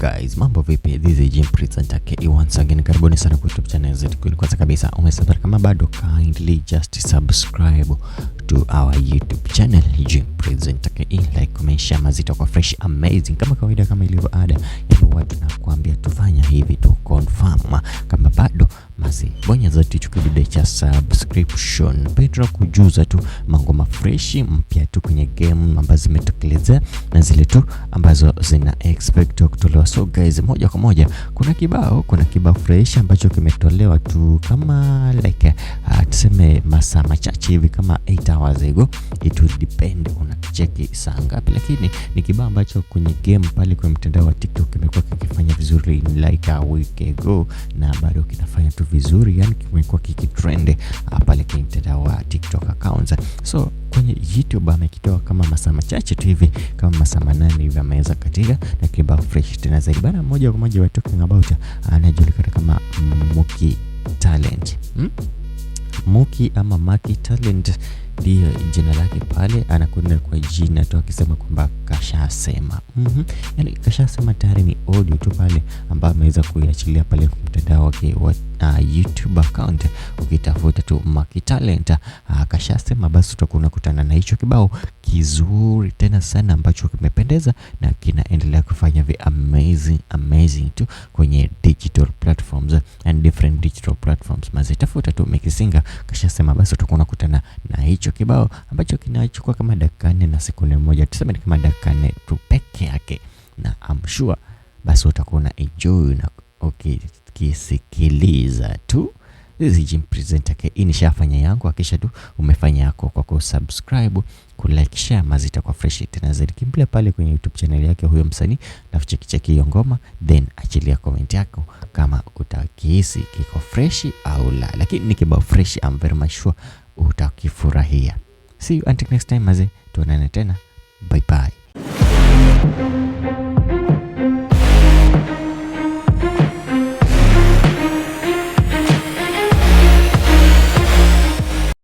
Guys, mambo vipi? This is Jim Pritz and Take e once again. Karibuni sana kwa YouTube channel zetu. Kwanza kabisa, umesubscribe kama bado, kindly just subscribe to our YouTube channel Jim Pritz and Take. E. Like, comment, share mazito kwa fresh amazing kama kawaida kama ilivyo ada. yani watu nakwambia tufanya hivi tu confirm bonyeza ticho kidude cha subscription. Pia kujuza tu mango mafreshi mpya tu kwenye game ambazo zimetekelezea na zile tu ambazo zina expect kutolewa. So guys, moja kwa moja kuna kibao, kuna kibao fresh ambacho kimetolewa tu kama like uh, tuseme masaa machache hivi kama 8 hours ago, it will depend una cheki saa ngapi, lakini ni kibao ambacho kwenye game pale kwenye mtandao wa TikTok kimekuwa vizuri like a week ago na bado kinafanya tu vizuri, yani kimekuwa kikitrend ah, pale kwenye mtandao wa TikTok accounts. So kwenye YouTube amekitoa kama masaa machache tu hivi, kama masaa manane hivi ameweza katika na kibao fresh tena zaidi bana. Moja kwa moja wa talking about ah, anajulikana kama Muki Talent hmm? Muki ama Maki Talent ndiyo jina lake pale, anakwenda kwa jina tu akisema kwamba kashasema. mm -hmm. Yani kashasema tayari ni audio tu pale ambayo ameweza kuiachilia pale kwa mtandao wake wa uh, YouTube account. Ukitafuta tu Maki Talent uh, kashasema, basi utakuwa unakutana na hicho kibao kizuri tena sana ambacho kimependeza na kinaendelea kufanya vi amazing amazing tu kwenye digital platforms and different digital platforms. Mazitafuta tu mekisinga Singer, kisha sema basi utakuwa unakutana na hicho kibao ambacho kinachukua kama dakika nne na sekunde moja, tuseme ni kama dakika nne tu peke yake, na I'm sure basi utakuwa na enjoy na ukisikiliza okay, tu zijimpresent hii nishafanya yangu, hakisha tu umefanya yako kwa kusubscribe, kulike, share mazita kwa fresh tena zaidi. Kimbia pale kwenye YouTube channel yake huyo msanii na kuchekicheki hiyo ngoma, then achilia comment yako kama utakihisi kiko fresh au la, lakini ni kibao fresh, I'm very much sure utakifurahia. See you until next time, maze tuonane tena, bye bye.